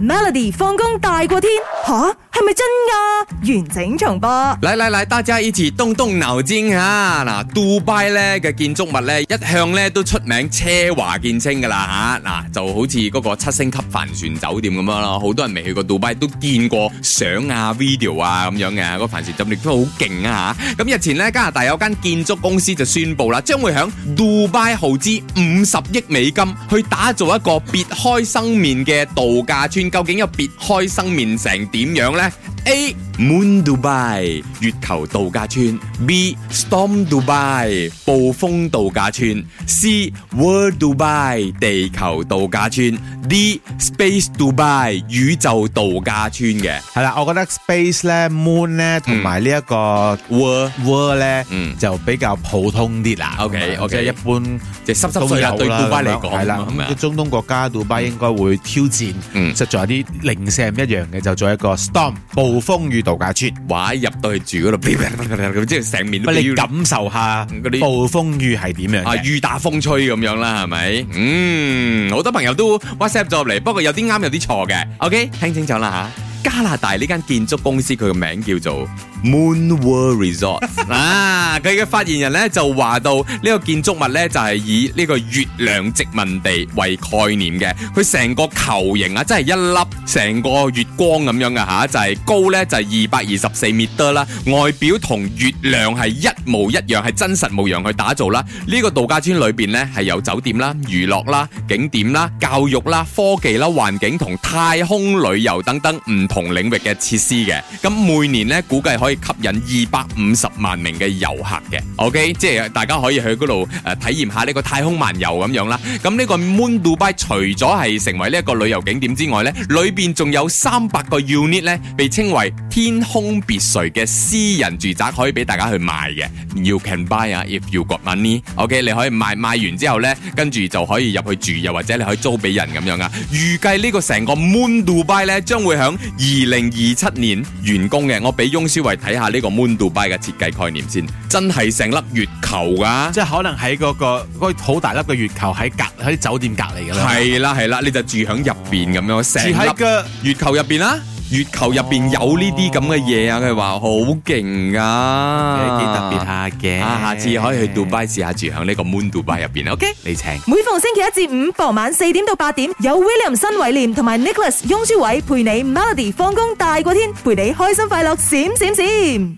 Melody 放工大過天吓，係咪真噶？完整重播，嚟嚟嚟，大家一起動動腦筋吓。嗱，杜拜咧嘅建築物咧一向咧都出名奢華見稱噶啦吓，嗱就好似嗰個七星級帆船酒店咁樣咯，好多人未去過杜拜都見過相啊、video 啊咁樣嘅，嗰、嗰個帆船酒店都好勁啊吓。咁日前咧加拿大有間建築公司就宣布啦，將會響杜拜耗資五十億美金去打造一個別開生面嘅度假村。究竟要別開生面成點樣咧？A Moon Dubai 月球度假村，B Storm Dubai 暴風度假村，C World Dubai 地球度假村，D Space Dubai 宇宙度假村嘅係啦，我覺得 Space 咧、Moon 咧同埋呢一個 World World 咧就比較普通啲啦。OK OK，即係一般即係濕濕碎啦。對 Dubai 嚟講係啦，咁嘅中東國家 Dubai 應該會挑戰，實在有啲零舍唔一樣嘅，就做一個 Storm 風。暴風雨度假村，話入到去住嗰度，咁即係成面。你感受下啲暴風雨係點樣嘅，啊，雨打風吹咁樣啦，係咪？嗯，好多朋友都 WhatsApp 咗入嚟，不過有啲啱，有啲錯嘅。OK，聽清楚啦吓。啊加拿大呢間建築公司佢個名叫做 Moon World Resort 啊！佢嘅發言人咧就話到呢個建築物咧就係以呢個月亮殖民地為概念嘅，佢成個球形啊，真係一粒成個月光咁樣嘅吓，就係高咧就係二百二十四米多啦，外表同月亮係一模一樣，係真實模樣去打造啦。呢個度假村裏邊咧係有酒店啦、娛樂啦、景點啦、教育啦、科技啦、環境同太空旅遊等等唔，同領域嘅設施嘅，咁每年呢，估計可以吸引二百五十萬名嘅遊客嘅，OK，即係大家可以去嗰度誒體驗下呢個太空漫遊咁樣啦。咁呢個 Moon Dubai 除咗係成為呢一個旅遊景點之外呢裡邊仲有三百個 unit 呢，被稱為天空別墅嘅私人住宅可以俾大家去賣嘅。You can buy if you got money，OK，okay? 你可以賣賣完之後呢，跟住就可以入去住，又或者你可以租俾人咁樣啊。預計呢個成個 Moon Dubai 呢將會響。二零二七年完工嘅，我俾翁思偉睇下呢個 Moon Dubai 嘅設計概念先，真係成粒月球噶、啊，即係可能喺嗰、嗰個好、嗰個、大粒嘅月球喺隔喺酒店隔籬噶啦，係啦，係啦，你就住喺入邊咁樣，住喺個月球入邊啦。月球入邊有呢啲咁嘅嘢啊！佢話好勁啊，幾特別下嘅。啊，下次可以去杜拜試下住響呢個 Moon Dubai 入邊，OK？okay. 你請。每逢星期一至五傍晚四點到八點，有 William 新偉廉同埋 Nicholas 雍舒偉陪你 Melody 放工大過天，陪你開心快樂閃，閃閃閃。